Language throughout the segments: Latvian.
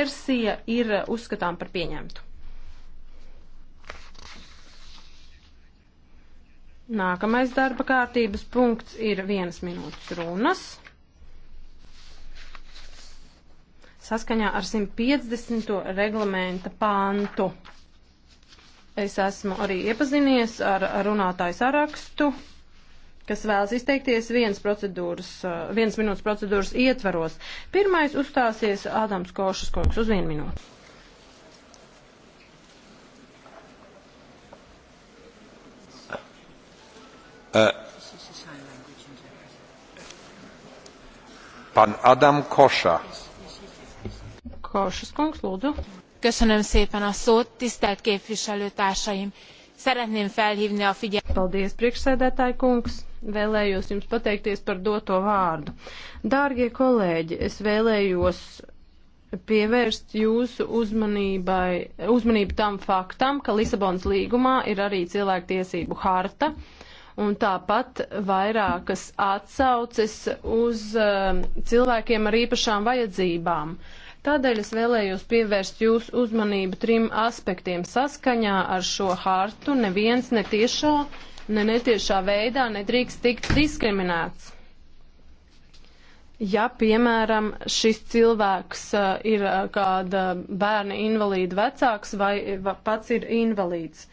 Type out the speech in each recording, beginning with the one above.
Persija ir eh, uzskatām par pieņemtu. Nākamais darba kārtības punkts ir vienas minūtes runas. Saskaņā ar 150. reglamenta pantu. Es esmu arī iepazinies ar runātāju sarakstu kas vēlas izteikties viens, procedūras, uh, viens minūtes procedūras ietvaros. Pirmais uzstāsies Ādams Košas koks uz vienu minūti. Uh, pan Adam Kosa. Kosas kungs, lūdzu. Köszönöm szépen a szót, tisztelt képviselőtársaim! Szeretném felhívni a figyelmet. Paldies, priekšsēdētāji kungs! Vēlējos jums pateikties par doto vārdu. Dārgie kolēģi, es vēlējos pievērst jūsu uzmanībai, uzmanību tam faktam, ka Lisabonas līgumā ir arī cilvēktiesību harta un tāpat vairākas atsauces uz uh, cilvēkiem ar īpašām vajadzībām. Tādēļ es vēlējos pievērst jūsu uzmanību trim aspektiem saskaņā ar šo hartu. Neviens netiešā ne netiešā veidā nedrīkst tikt diskriminēts. Ja, piemēram, šis cilvēks uh, ir uh, kāda bērna invalīda vecāks vai pats ir invalīds,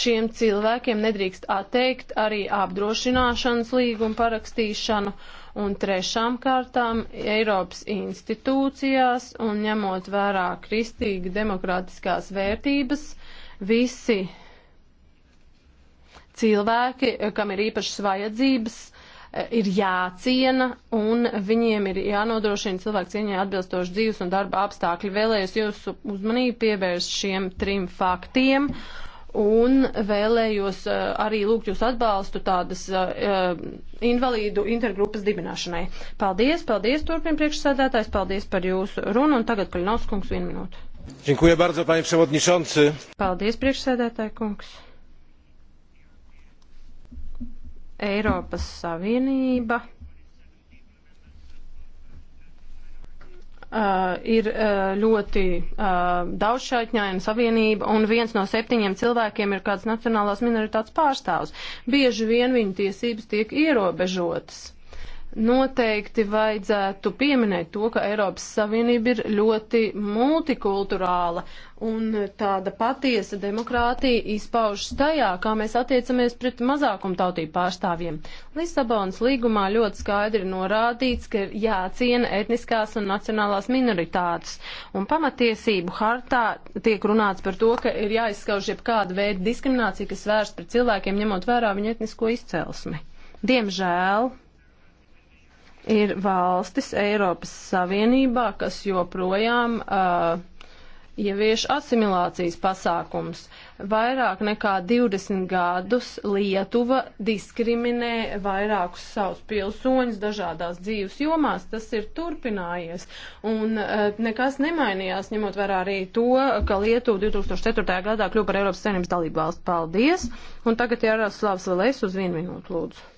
šiem cilvēkiem nedrīkst atteikt arī apdrošināšanas līgumu parakstīšanu un trešām kārtām Eiropas institūcijās un ņemot vērā kristīgi demokrātiskās vērtības, visi cilvēki, kam ir īpašas vajadzības, eh, ir jāciena un viņiem ir jānodrošina cilvēku cieņai atbilstoši dzīves un darba apstākļi. Vēlējos jūsu uzmanību pievērst šiem trim faktiem un vēlējos eh, arī lūgt jūs atbalstu tādas eh, invalīdu intergrupas dibināšanai. Paldies, paldies, turpin priekšsēdētājs, paldies par jūsu runu un tagad Paļinovs kungs vienu minūtu. Dziękuję bardzo, panie przewodniczący. Paldies, priekšsēdētāj kungs. Eiropas Savienība uh, ir uh, ļoti uh, daudzšķaitņaina savienība, un viens no septiņiem cilvēkiem ir kāds nacionālās minoritātes pārstāvs. Bieži vien viņu tiesības tiek ierobežotas noteikti vajadzētu pieminēt to, ka Eiropas Savienība ir ļoti multikulturāla un tāda patiesa demokrātija izpaužas tajā, kā mēs attiecamies pret mazākumtautību pārstāvjiem. Lisabonas līgumā ļoti skaidri norādīts, ka ir jāciena etniskās un nacionālās minoritātes, un pamatiesību hartā tiek runāts par to, ka ir jāizskauž jebkāda veida diskriminācija, kas vērst pret cilvēkiem, ņemot vērā viņu etnisko izcelsmi. Diemžēl Ir valstis Eiropas Savienībā, kas joprojām uh, ievieš asimilācijas pasākums. Vairāk nekā 20 gadus Lietuva diskriminē vairākus savus pilsoņus dažādās dzīves jomās. Tas ir turpinājies. Un uh, nekas nemainījās, ņemot vērā arī to, ka Lietuva 2004. gadā kļuva par Eiropas Savienības dalību valstu. Paldies! Un tagad Jārās Slavs Velēs uz vienu minūtu lūdzu.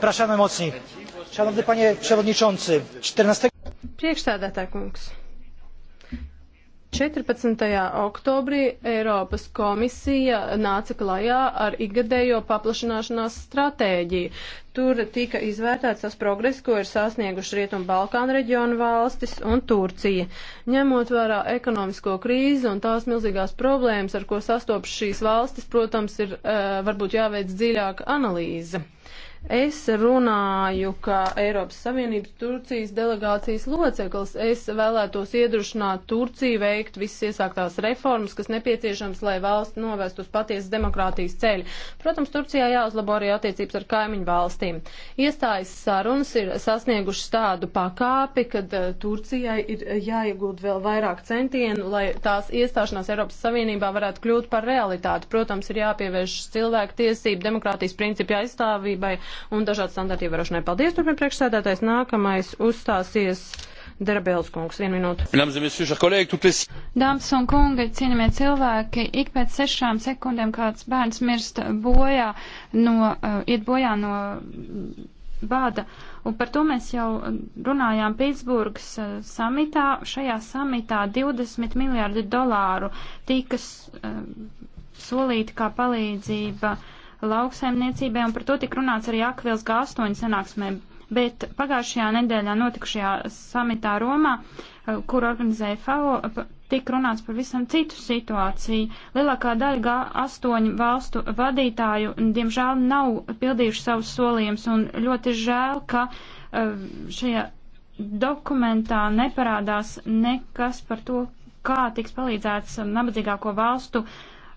Praszamy mocniej. Szanowny panie przewodniczący, 14. Priekšsēdētāj kungs. 14. oktobrī Eiropas komisija nāca klajā ar ikgadējo paplašanāšanās stratēģiju. Tur tika izvērtēts tas progress, ko ir sasnieguši Rietumu Balkānu reģionu valstis un Turcija. Ņemot vērā ekonomisko krīzi un tās milzīgās problēmas, ar ko sastopas šīs valstis, protams, ir eh, varbūt jāveic dziļāka analīze. Es runāju, ka Eiropas Savienības Turcijas delegācijas loceklis es vēlētos iedrošināt Turciju veikt visas iesāktās reformas, kas nepieciešams, lai valsts novest uz patiesas demokrātijas ceļu. Protams, Turcijā jāuzlabo arī attiecības ar kaimiņu valstīm. Iestājas sarunas ir sasniegušas tādu pakāpi, kad eh, Turcijai ir jāiegūt vēl vairāk centienu, lai tās iestāšanās Eiropas Savienībā varētu kļūt par realitāti. Protams, ir jāpievērš cilvēku tiesību, demokrātijas principu aizstāvībai un dažādu standartu ievērošanai. Paldies, turpin priekšsēdētājs. Nākamais uzstāsies. Derabēls kungs, vienu minūtu. Dāmas un kungi, cienījamie cilvēki, ik pēc sešām sekundēm kāds bērns mirst bojā no, uh, iet bojā no bāda. Un par to mēs jau runājām Pitsburgas uh, samitā. Šajā samitā 20 miljārdi dolāru tika uh, solīti kā palīdzība uh, lauksaimniecībai, un par to tika runāts arī Akvils G8 sanāksmē. Bet pagājušajā nedēļā notikušajā samitā Romā, eh, kur organizēja FAO, tika runāts par visam citu situāciju. Lielākā daļa G8 valstu vadītāju, diemžēl, nav pildījuši savus solījumus, un ļoti žēl, ka eh, šajā dokumentā neparādās nekas par to, kā tiks palīdzēts nabadzīgāko valstu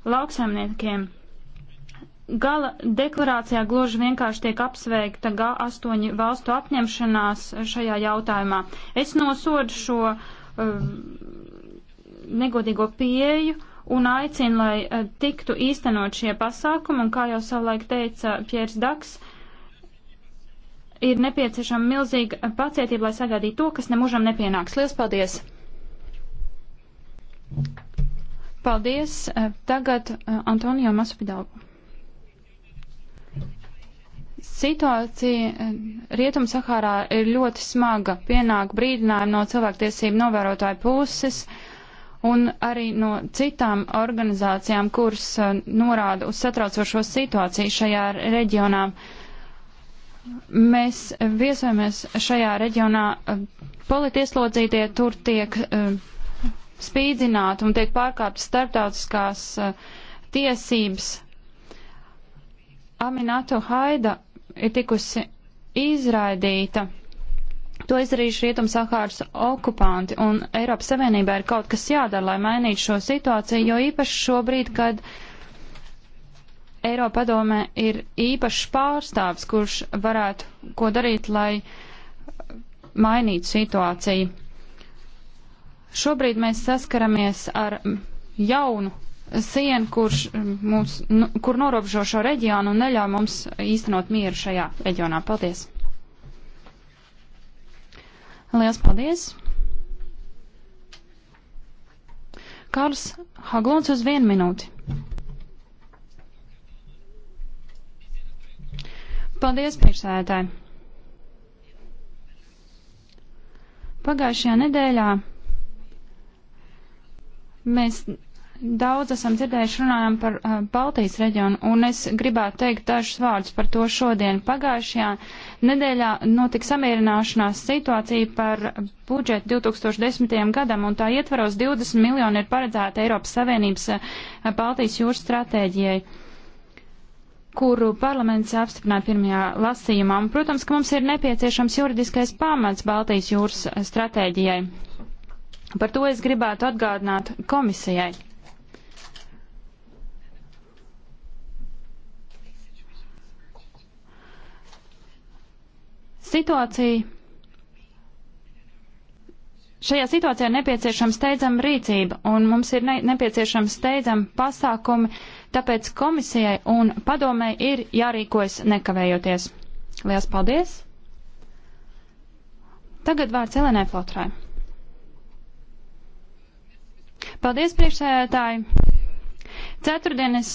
lauksaimniekiem. Gala deklarācijā gluži vienkārši tiek apsveikta G8 valstu apņemšanās šajā jautājumā. Es nosodu šo uh, negodīgo pieeju un aicinu, lai uh, tiktu īstenot šie pasākumi, un kā jau savulaik teica Piers Daks, ir nepieciešama milzīga pacietība, lai sagaidītu to, kas nemūžam nepienāks. Lielas paldies! Paldies! Uh, tagad uh, Antonio Masupidalgu. Situācija eh, Rietumsahārā ir ļoti smaga. Pienāk brīdinājumi no cilvēktiesību novērotāju puses un arī no citām organizācijām, kuras eh, norāda uz satraucošo situāciju šajā reģionā. Mēs viesojamies šajā reģionā. Eh, politieslodzītie tur tiek spīdzināti un tiek pārkāptas starptautiskās tiesības. Aminato Haida ir tikusi izraidīta. To izdarījuši Rietumsahāras okupanti, un Eiropas Savienībā ir kaut kas jādara, lai mainītu šo situāciju, jo īpaši šobrīd, kad Eiropa padomē ir īpašs pārstāvs, kurš varētu ko darīt, lai mainītu situāciju. Šobrīd mēs saskaramies ar jaunu siena, kurš mm, mums, nu, kur norobžo šo reģionu un neļauj mums īstenot mieru šajā reģionā. Paldies! Liels paldies! Kārs Haglons uz vienu minūti. Paldies, priekšsēdētāji! Pagājušajā nedēļā mēs daudz esam dzirdējuši runājam par uh, Baltijas reģionu, un es gribētu teikt dažus vārdus par to šodien. Pagājušajā nedēļā notika samierināšanās situācija par budžetu 2010. gadam, un tā ietvaros 20 miljoni ir paredzēta Eiropas Savienības uh, Baltijas jūras stratēģijai kuru parlaments apstiprināja pirmajā lasījumā. Un, protams, ka mums ir nepieciešams juridiskais pamats Baltijas jūras uh, stratēģijai. Par to es gribētu atgādināt komisijai. Situācija. Šajā situācijā ir nepieciešama steidzama rīcība, un mums ir ne, nepieciešama steidzama pasākumi, tāpēc komisijai un padomē ir jārīkojas nekavējoties. Lielas paldies! Tagad vārds Elenai Flotrai. Paldies, priekšsēdētāji! Ceturtdien es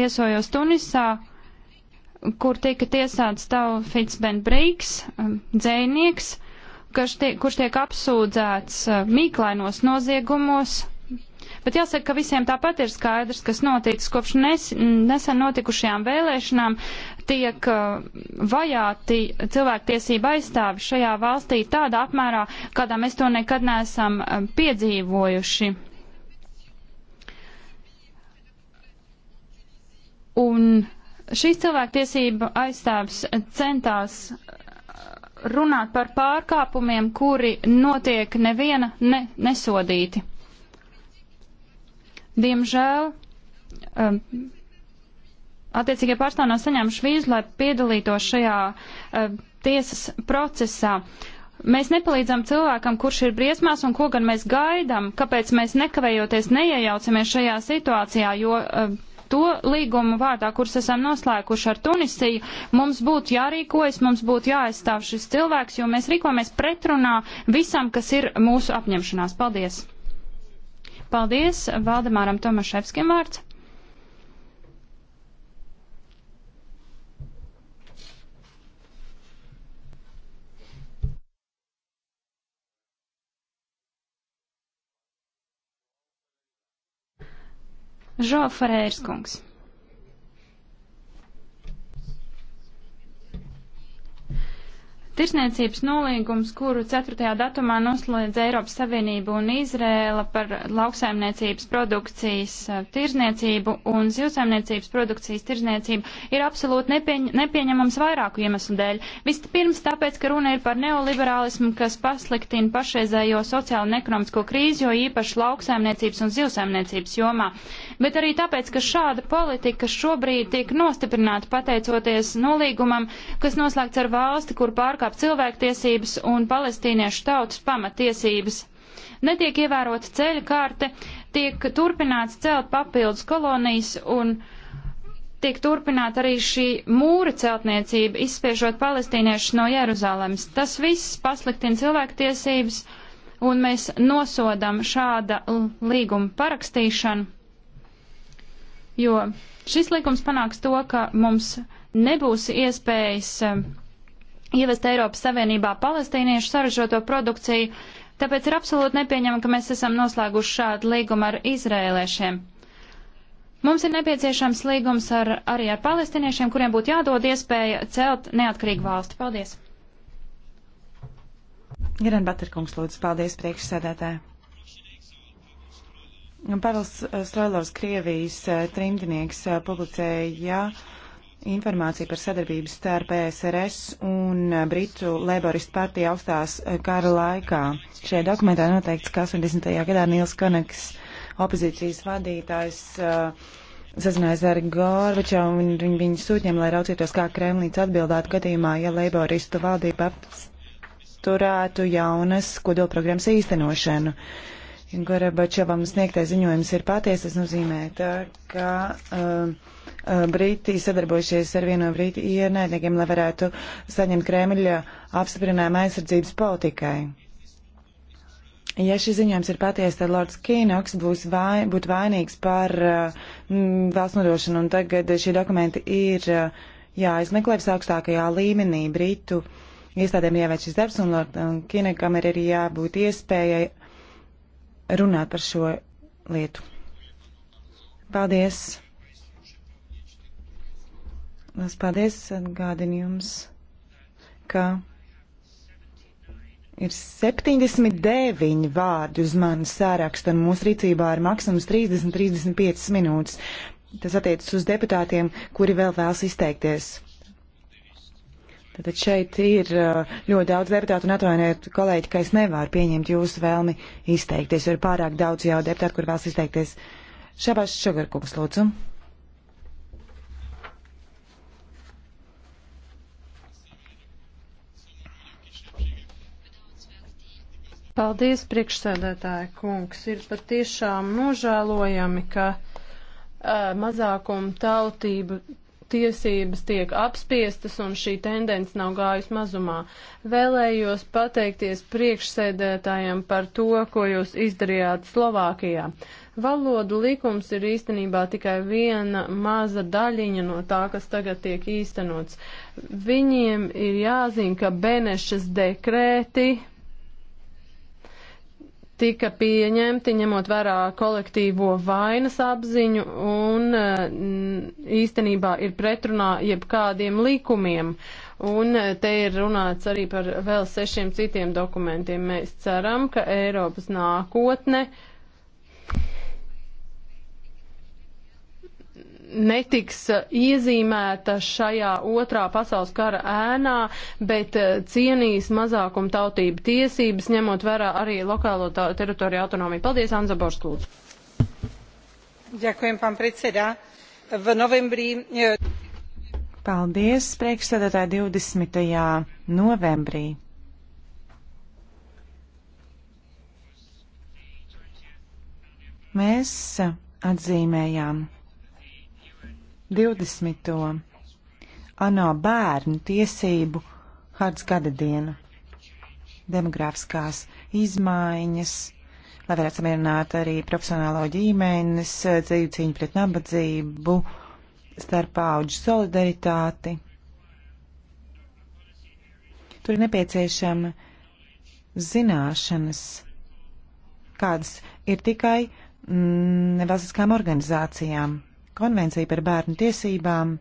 viesojos Tunisā, kur tika tiesāts tavu Fitzben Brīks, um, dzēnieks, kurš tiek, kurš tiek apsūdzēts uh, mīklainos noziegumos. Bet jāsaka, ka visiem tāpat ir skaidrs, kas notiks. Kopš nes, nesen notikušajām vēlēšanām tiek uh, vajāti cilvēktiesība aizstāvi šajā valstī tādā apmērā, kādā mēs to nekad neesam um, piedzīvojuši. Un Šīs cilvēktiesība aizstāvs centās runāt par pārkāpumiem, kuri notiek neviena ne, nesodīti. Diemžēl um, attiecīgie pārstāvji nav saņēmuši vīzu, lai piedalītos šajā um, tiesas procesā. Mēs nepalīdzam cilvēkam, kurš ir briesmās un ko gan mēs gaidām, kāpēc mēs nekavējoties neiejaucamies šajā situācijā, jo um, to līgumu vārdā, kurus esam noslēguši ar Tunisiju, mums būtu jārīkojas, mums būtu jāaizstāv šis cilvēks, jo mēs rīkojamies pretrunā visam, kas ir mūsu apņemšanās. Paldies! Paldies Valdemāram Tomaševskim vārds. Žo Ferērs kungs. Tirsniecības nolīgums, kuru 4. datumā noslēdz Eiropas Savienība un Izrēla par lauksaimniecības produkcijas eh, tirzniecību un zivsaimniecības produkcijas tirzniecību, ir absolūti nepieņ nepieņemams vairāku iemeslu dēļ. Vispirms tāpēc, ka runa ir par neoliberālismu, kas pasliktina pašreizējo sociālo un ekonomisko krīzi, jo īpaši lauksaimniecības un zivsaimniecības jomā, bet arī tāpēc, ka šāda politika šobrīd tiek nostiprināta pateicoties nolīgumam, kas noslēgts ar valsti, kur pārkāpj pārkāp cilvēktiesības un palestīniešu tautas pamatiesības. Netiek ievērota ceļa kārte, tiek turpināts celt papildus kolonijas un tiek turpināta arī šī mūra celtniecība, izspiežot palestīniešus no Jeruzalemes. Tas viss pasliktina cilvēktiesības un mēs nosodam šāda līguma parakstīšanu, jo šis līgums panāks to, ka mums nebūs iespējas um, ievest Eiropas Savienībā palestīniešu saražoto produkciju, tāpēc ir absolūti nepieņemami, ka mēs esam noslēguši šādu līgumu ar izrēliešiem. Mums ir nepieciešams līgums ar, arī ar palestiniešiem, kuriem būtu jādod iespēja celt neatkarīgu valsti. Paldies! Iren Baterkungs, lūdzu, paldies priekšsēdētāji. Pavels Stroilors, Krievijas eh, trimdinieks, eh, publicēja. Ja informāciju par sadarbību starp PSRS un Britu Leiboristu partiju augstās kara laikā. Šajā dokumentā noteikts, ka 80. gadā Nils Kaneks, opozīcijas vadītājs, sazinājās ar Gorbačovu un viņ, viņu sūtņiem, lai raucītos, kā Kremlīts atbildētu gadījumā, ja Leiboristu valdība apsturētu jaunas kodolprogrammas īstenošanu. Gorbačovam sniegtais ziņojums ir patiesas nozīmē, tā, ka. Uh, Briti sadarbojušies ar vienu no Briti ienaidniekiem, lai varētu saņemt Kremļa apstiprinājumu aizsardzības politikai. Ja šis ziņojums ir patiesa, tad Lords Kīnoks būs vai, būt vainīgs par uh, valsts nodošanu, un tagad šie dokumenti ir uh, jāizmeklē visaugstākajā līmenī Britu iestādēm jāveic šis darbs, un Lordam Kīnekam ir arī jābūt iespējai runāt par šo lietu. Paldies! Lielas paldies, atgādinu jums, ka ir 79 vārdi uz manas sārakstu, un mūsu rīcībā ir maksimums 30-35 minūtes. Tas attiecas uz deputātiem, kuri vēl vēlas izteikties. Tātad šeit ir uh, ļoti daudz deputātu un atvainojiet, kolēģi, ka es nevaru pieņemt jūsu vēlmi izteikties, jo ir pārāk daudz jau deputātu, kur vēlas izteikties. Šabās Šogarkungs, lūdzu. Paldies, priekšsēdētāja kungs. Ir patiešām nožēlojami, ka uh, mazākuma tautību tiesības tiek apspiestas un šī tendence nav gājusi mazumā. Vēlējos pateikties priekšsēdētājiem par to, ko jūs izdarījāt Slovākijā. Valodu likums ir īstenībā tikai viena maza daļiņa no tā, kas tagad tiek īstenots. Viņiem ir jāzina, ka Benešas dekrēti tika pieņemti, ņemot vērā kolektīvo vainas apziņu un eh, īstenībā ir pretrunā jebkādiem likumiem. Un eh, te ir runāts arī par vēl sešiem citiem dokumentiem. Mēs ceram, ka Eiropas nākotne uh, netiks eh, iezīmēta šajā otrā pasaules kara ēnā, bet eh, cienīs mazākuma tautību tiesības, ņemot vērā arī lokālo teritoriju autonomiju. Paldies, Anza Borsklūdzu. Ďakujem, pán predsedā. V novembrī. Eh, Paldies, priekšsēdētāji 20. novembrī. Mēs atzīmējām 20. ANO bērnu tiesību hards gada dienu. Demogrāfiskās izmaiņas, lai varētu samierināt arī profesionālo ģimenes, dzīvi cīņu pret nabadzību, starp pauģu solidaritāti. Tur ir nepieciešama zināšanas, kādas ir tikai mm, nevalstiskām organizācijām. Konvencija par bērnu tiesībām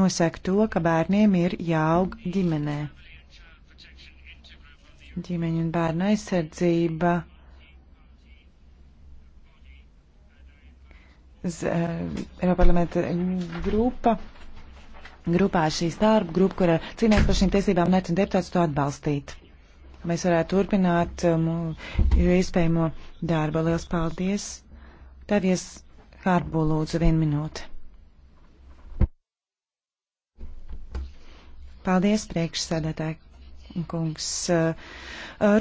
nosaka to, ka bērniem ir jāaug ģimenē. Ģimeņa un bērnu aizsardzība eh, Eiropas parlamenta grupa. Grupā šī starp grupa, kura cīnās par šīm tiesībām, necina deputātus to atbalstīt. Mēs varētu turpināt um, iespējamo darbu. Lielas paldies! Tevies Hārbo lūdzu vienu minūti. Paldies, priekšsēdētāji kungs. Eh,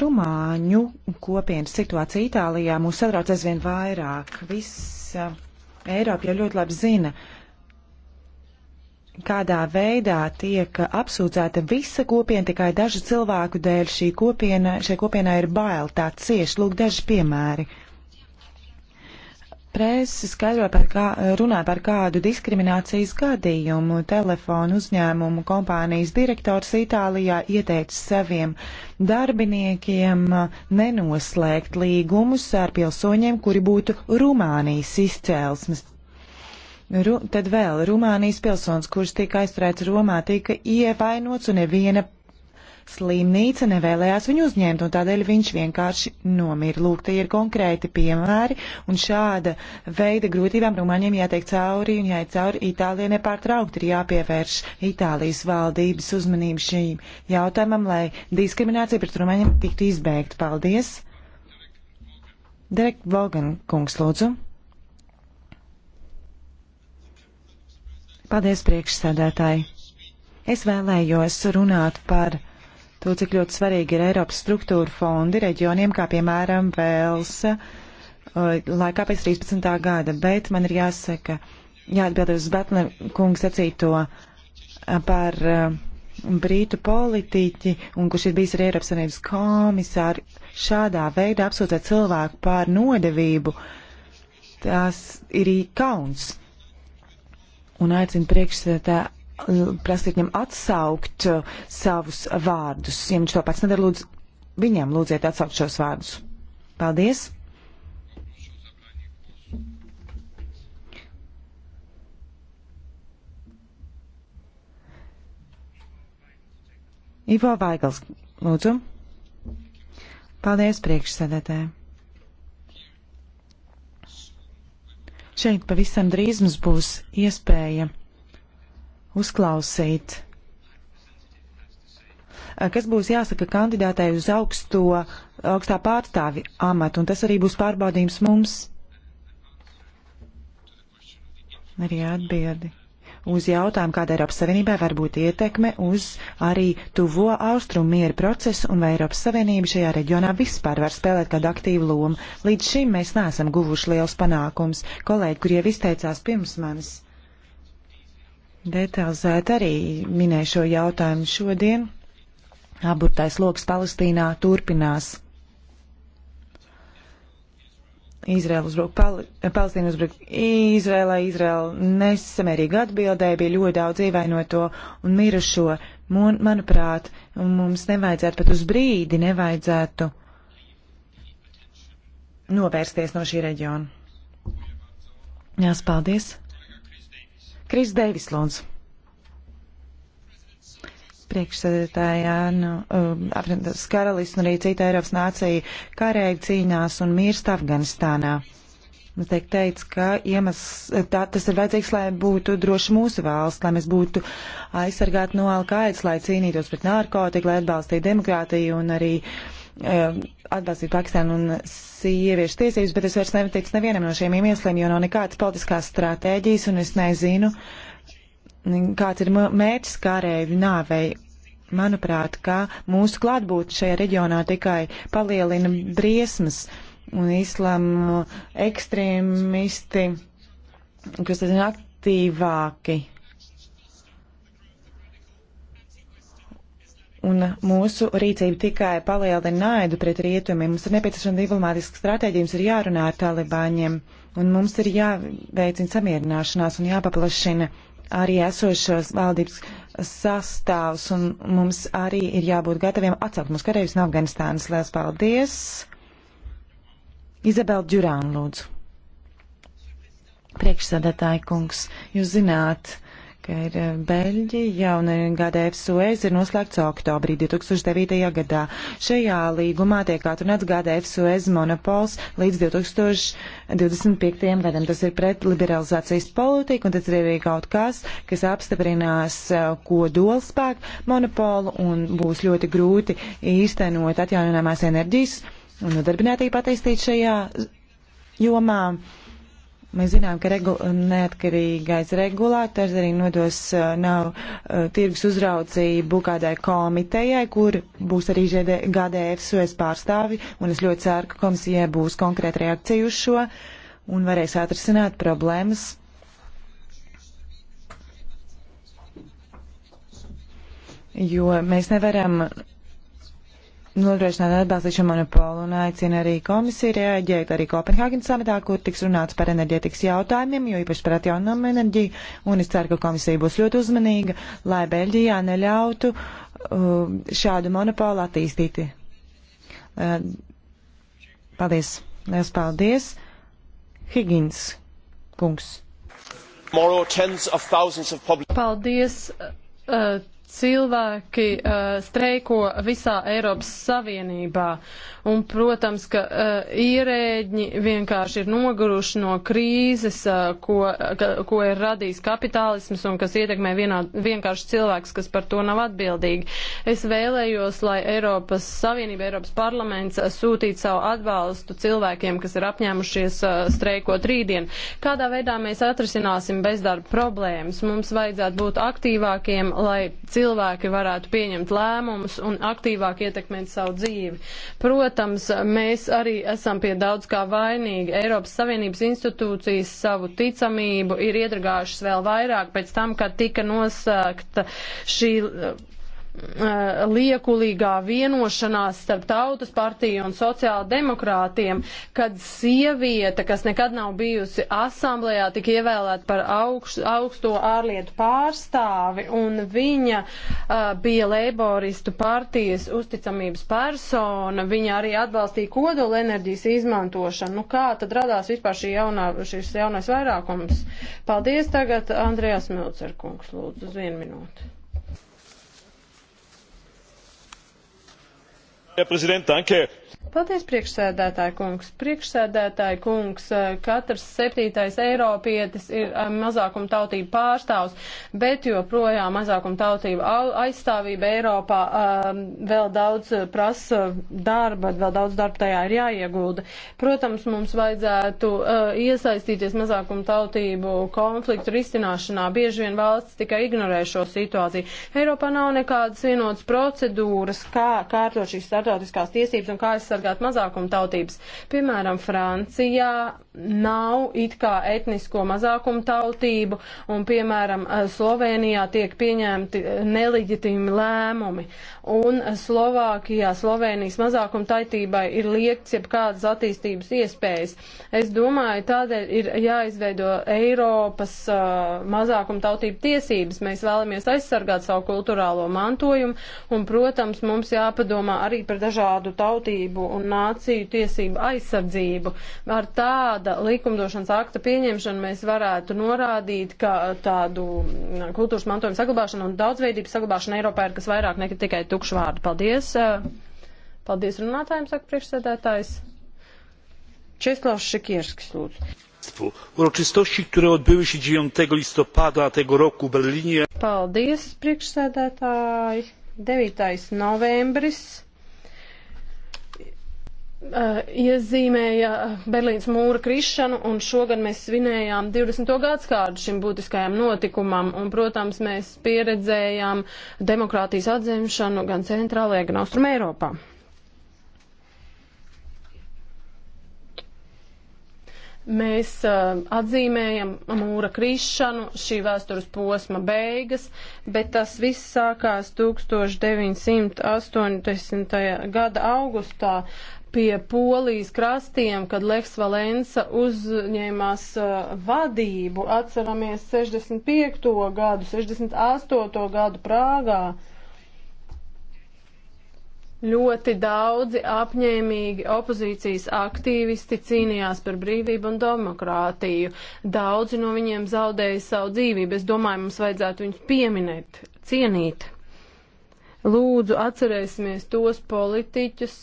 Rumāņu kopienas situācija Itālijā mūs satrauc aizvien vairāk. Visa Eiropa jau ļoti labi zina, kādā veidā tiek apsūdzēta visa kopiena tikai dažu cilvēku dēļ. Šī kopiena, šai kopienai ir bail, tā cieši. Lūk, daži piemēri. Presi skaidro par kā, runā par kādu diskriminācijas gadījumu. Telefonu uzņēmumu kompānijas direktors Itālijā ieteica saviem darbiniekiem nenoslēgt līgumus ar pilsoņiem, kuri būtu Rumānijas izcēlesmes. Ru, tad vēl Rumānijas pilsons, kurš tika aizturēts Romā, tika ievainots un neviena slimnīca nevēlējās viņu uzņemt, un tādēļ viņš vienkārši nomira. Lūk, tie ir konkrēti piemēri, un šāda veida grūtībām Rumāņiem jātiek cauri un jāiet cauri Itālijai nepārtraukti. Ir jāpievērš Itālijas valdības uzmanību šīm jautājumam, lai diskriminācija pret Rumāņiem tiktu izbeigta. Paldies! Derek Vogan kungs, lūdzu. Paldies, priekšsēdētāji! Es vēlējos runāt par to, cik ļoti svarīgi ir Eiropas struktūra fondi reģioniem, kā piemēram Velsa, uh, laikā pēc 13. gada. Bet man ir jāsaka, jāatbild uz Betna kungu sacīto uh, par uh, brītu politiķi, un kurš ir bijis arī Eiropas Savienības komisāri, šādā veidā apsūdzēt cilvēku pār nodevību, tas ir kauns. Un aicinu priekšsētā prasīt viņam atsaukt uh, savus vārdus. Ja viņš to pats nedara, lūdzu, viņam lūdziet atsaukt šos vārdus. Paldies! Ivo Vaigals, lūdzu. Paldies priekšsēdētē. Šeit pavisam drīz mums būs iespēja uzklausīt. Eh, kas būs jāsaka kandidātei uz augsto, augstā pārstāvi amatu, un tas arī būs pārbaudījums mums. Arī atbildi uz jautājumu, kāda Eiropas Savienībai var būt ietekme uz arī tuvo austrumu mieru procesu un vai Eiropas Savienība šajā reģionā vispār var spēlēt kādu aktīvu lomu. Līdz šim mēs neesam guvuši liels panākums. Kolēģi, kur jau izteicās pirms manis detalizēt arī minēju šo jautājumu šodien. Aburtais loks Palestīnā turpinās. Izraela uzbruk Pal Palestīnu, uzbruk Izraelai. Izraela nesamērīgi atbildēja, bija ļoti daudz ievainoto un mirušo. Man, manuprāt, mums nevajadzētu pat uz brīdi, nevajadzētu novērsties no šī reģiona. Jās, paldies! Kris Deivis Lons. Priekšsēdētājā, nu, um, apvienotās karalīs un arī cita Eiropas nācija karēji cīnās un mirst Afganistānā. Mums nu, tiek teikts, ka iemesls tā, tas ir vajadzīgs, lai būtu droši mūsu valsts, lai mēs būtu aizsargāti no Alkaidas, lai cīnītos pret narkotiku, lai atbalstītu demokrātiju un arī um, atbalstīt Pakistānu un sieviešu tiesības, bet es vairs neticu nevienam no šiem iemesliem, jo nav nekādas politiskās stratēģijas un es nezinu, kāds ir mērķis kārēju nāvei. Manuprāt, ka mūsu klātbūtne šajā reģionā tikai palielina briesmas un islāma ekstrēmisti, kas ir aktīvāki Un mūsu rīcība tikai palielina naidu pret rietumiem. Mums ir nepieciešama diplomātiska stratēģija, mums ir jārunā ar talibāņiem, un mums ir jāveicina samierināšanās un jāpaplašina arī esošos valdības sastāvs, un mums arī ir jābūt gataviem atcelt mūsu karavīrus no Afganistānas. Lielas paldies! Izabela Džurāna, lūdzu. Priekšsēdētāji kungs, jūs zināt, uh, ka ir eh, Beļģija un GDF Suez ir noslēgts oktobrī 2009. gadā. Šajā līgumā tiek atrunāts GDF Suez monopols līdz 2025. gadam. Tas ir pret liberalizācijas politiku un tas ir arī kaut kas, kas apstiprinās eh, kodolspēku monopolu un būs ļoti grūti īstenot atjauninājumās enerģijas un nodarbinātību attīstīt šajā eh, jomā. Mēs zinām, ka regu neatkarīgais regulātors arī nodos uh, nav uh, tirgus uzraudzību kādai komitejai, kur būs arī GDF SOS pārstāvi, un es ļoti ceru, ka komisijai būs konkrēta reakcija uz šo un varēs atrisināt problēmas. Jo mēs nevaram nodrošināt atbalstīšanu monopolu un aicina arī komisiju reaģēt arī Kopenhāgenes samitā, kur tiks runāts par enerģētikas jautājumiem, jo īpaši par atjaunumu enerģiju, un es ceru, ka komisija būs ļoti uzmanīga, lai Beļģijā neļautu uh, šādu monopolu attīstīt. Uh, paldies. Liels paldies. Higgins kungs. Paldies. Uh, cilvēki uh, streiko visā Eiropas Savienībā. Un, protams, ka uh, ierēģi vienkārši ir noguruši no krīzes, uh, ko, ka, ko ir radījis kapitālisms un kas ietekmē vienā, vienkārši cilvēks, kas par to nav atbildīgi. Es vēlējos, lai Eiropas Savienība, Eiropas parlaments uh, sūtītu savu atbalstu cilvēkiem, kas ir apņēmušies uh, streikot rītdien. Kādā veidā mēs atrisināsim bezdarba problēmas? Mums vajadzētu būt aktīvākiem, lai cilvēki cilvēki varētu pieņemt lēmumus un aktīvāk ietekmēt savu dzīvi. Protams, mēs arī esam pie daudz kā vainīgi. Eiropas Savienības institūcijas savu ticamību ir iedragājušas vēl vairāk pēc tam, kad tika nosākta šī Uh, liekulīgā vienošanās starp tautas partiju un sociāla demokrātiem, kad sieviete, kas nekad nav bijusi asamblējā, tika ievēlēta par augš, augsto ārlietu pārstāvi, un viņa uh, bija leiboristu partijas uzticamības persona, viņa arī atbalstīja kodola enerģijas izmantošanu. Nu, kā tad radās vispār šī jaunā, šis jaunais vairākums? Paldies tagad, Andrejās Milcerkungs, lūdzu, uz vienu minūti. herr präsident! Paldies, priekšsēdētāji kungs. Priekšsēdētāji kungs, eh, katrs septītais eiropietis ir eh, mazākuma tautība pārstāvs, bet joprojām mazākuma tautība aizstāvība Eiropā um, vēl daudz prasa darba, vēl daudz darba tajā ir jāiegulda. Protams, mums vajadzētu uh, iesaistīties mazākuma tautību konfliktu risināšanā. Bieži vien valsts tikai ignorē šo situāciju. Eiropā nav nekādas vienotas procedūras, kā kārtot šīs startautiskās tiesības un kā aizsargāt aizsargāt mazākuma tautības. Piemēram, Francijā nav it kā etnisko mazākuma tautību, un, piemēram, Slovenijā tiek pieņemti neleģitīmi lēmumi. Un Slovākijā, Slovenijas mazākuma tautībai ir liekts jeb kādas attīstības iespējas. Es domāju, tādēļ ir jāizveido Eiropas uh, mazākuma tautību tiesības. Mēs vēlamies aizsargāt savu kultūrālo mantojumu, un, protams, mums jāpadomā arī par dažādu tautību un nāciju tiesību aizsardzību. Ar tāda likumdošanas akta pieņemšanu mēs varētu norādīt, ka tādu kultūras mantojuma saglabāšana un daudzveidības saglabāšana Eiropā ir kas vairāk nekā tikai tukšu vārdu. Paldies! Paldies runātājiem, saka priekšsēdētājs. Česlavs Šekierskis, lūdzu uroczystości które odbyły się dziewięć listopada tego roku w berlinie Paldies, priekšsēdētāji. 9. novembris Eh, iezīmēja eh, Berlīnas mūra krišanu, un šogad mēs svinējām 20. gadskārdu šim būtiskajam notikumam, un, protams, mēs pieredzējām demokrātijas atzimšanu gan centrālajā, gan austrum Eiropā. Mēs uh, atzīmējam mūra krišanu, šī vēstures posma beigas, bet tas viss sākās 1980. gada augustā. Uh, pie polijas krastiem, kad Leks Valensa uzņēmās uh, vadību, atceramies 65. gadu, 68. gadu Prāgā. Ļoti daudzi apņēmīgi opozīcijas aktīvisti cīnījās par brīvību un demokrātiju. Daudzi no viņiem zaudēja savu dzīvību. Es domāju, mums vajadzētu viņus pieminēt, cienīt. Lūdzu, atcerēsimies tos politiķus,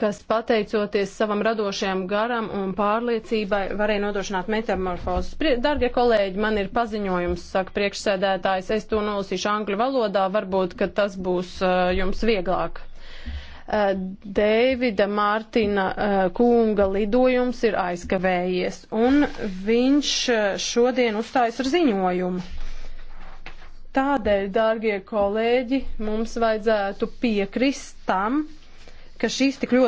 kas pateicoties savam radošajam garam un pārliecībai varēja nodrošināt metamorfozes. Dargie kolēģi, man ir paziņojums, saka priekšsēdētājs, es to nolasīšu angļu valodā, varbūt, ka tas būs uh, jums vieglāk. Uh, Dēvida Mārtiņa uh, kunga lidojums ir aizkavējies, un viņš uh, šodien uzstājas ar ziņojumu. Tādēļ, dārgie kolēģi, mums vajadzētu piekrist tam, ka šīs tik ļoti